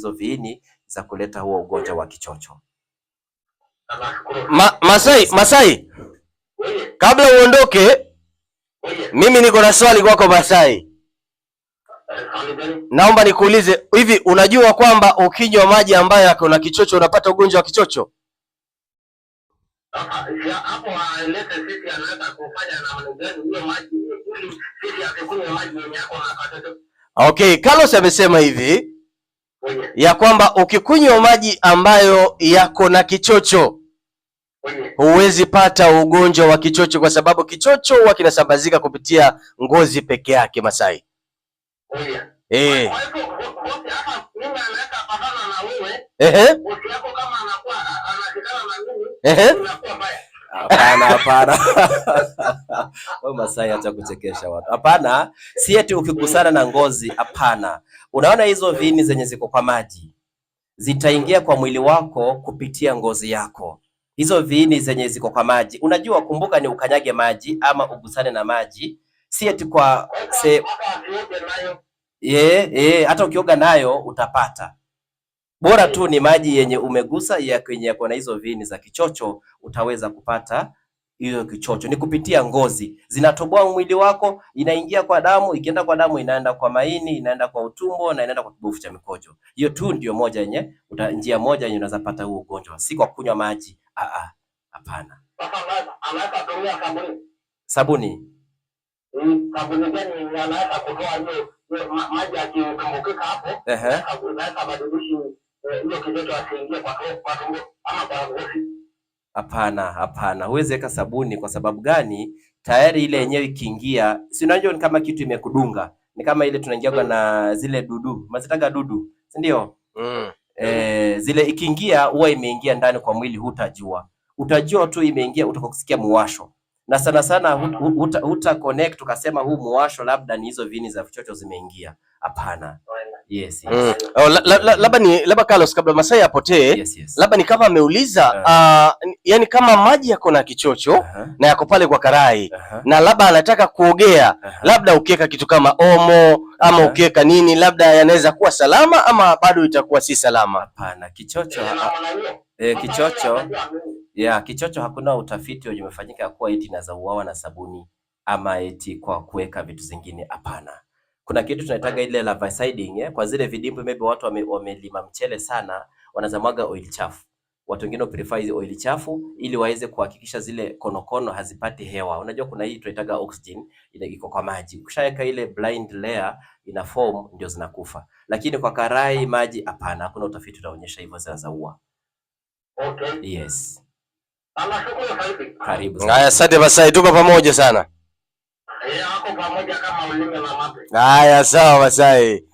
hizo viini za kuleta huo ugonjwa wa kichocho. Ma, Masai, Masai, kabla uondoke, mimi niko na swali kwako Masai. Naomba nikuulize hivi, unajua kwamba ukinywa maji ambayo yako na kichocho unapata ugonjwa wa kichocho? Ah, okay, Carlos amesema hivi ya kwamba ukikunywa maji ambayo yako na kichocho huwezi pata ugonjwa wa kichocho, kwa sababu kichocho huwa kinasambazika kupitia ngozi peke yake. Masai eh, ehe, ehe. Hapana, hapana. Wewe Masai, acha kuchekesha watu. Hapana, si eti ukigusana na ngozi, hapana. Unaona hizo vini zenye ziko kwa maji zitaingia kwa mwili wako kupitia ngozi yako. Hizo viini zenye ziko kwa maji, unajua, kumbuka ni ukanyage maji ama ugusane na maji, si eti kwa se... yeah, yeah, hata ukioga nayo utapata Bora eh. tu ni maji yenye umegusa ya kwenye yako na hizo vini za kichocho, utaweza kupata hiyo kichocho. Ni kupitia ngozi, zinatoboa mwili wako, inaingia kwa damu, ikienda kwa damu inaenda kwa maini, inaenda kwa utumbo na inaenda kwa kibofu cha mikojo. Hiyo tu ndio moja yenye njia moja yenye unaweza pata huo ugonjwa, si kwa kunywa maji. Aa, hapana. Sabuni sabuni Hapana, hapana, huwezi weka sabuni. Kwa sababu gani? Tayari ile yenyewe ikiingia, si unajua, ni kama kitu imekudunga, ni kama ile tunaingiaga na zile dudu mazitaga dudu, si ndio? mm. E, zile ikiingia huwa imeingia ndani kwa mwili, hutajua. Utajua tu imeingia, utakusikia muwasho na sana sana huta, huta connect ukasema huu muwasho labda ni hizo vini za vichocho zimeingia. Hapana. Yes, mm. oh, labda ni labda Carlos, kabla Masai apotee Labda ni kama ameuliza uh-huh. uh -huh. uh, yani kama maji yako na kichocho uh -huh. na yako pale kwa karai uh -huh. na labda anataka kuogea uh -huh. labda ukiweka kitu kama omo ama uh-huh. ukiweka nini, labda yanaweza kuwa salama ama bado itakuwa si salama? Hapana, kichocho eh, kichocho ya kichocho, hakuna utafiti wenye umefanyika kuwa eti inaweza uawa na sabuni ama eti kwa kuweka vitu zingine, hapana kuna kitu tunaitaga ile larviciding eh? Kwa zile vidimbwi maybe watu wamelima wame, mchele sana wanazamwaga oil chafu. Watu wengine prefer oil chafu ili waweze kuhakikisha zile konokono hazipati hewa. Unajua kuna hii tunaitaga oxygen ile iko kwa maji. Ukishaweka ile blind layer ina form ndio zinakufa. Lakini kwa karai maji hapana, hakuna utafiti unaonyesha hivyo zinazaua. Okay. Yes. Karibu. Haya, asante Masai, tuko pamoja sana yako pamoja Haya, sawa Masai.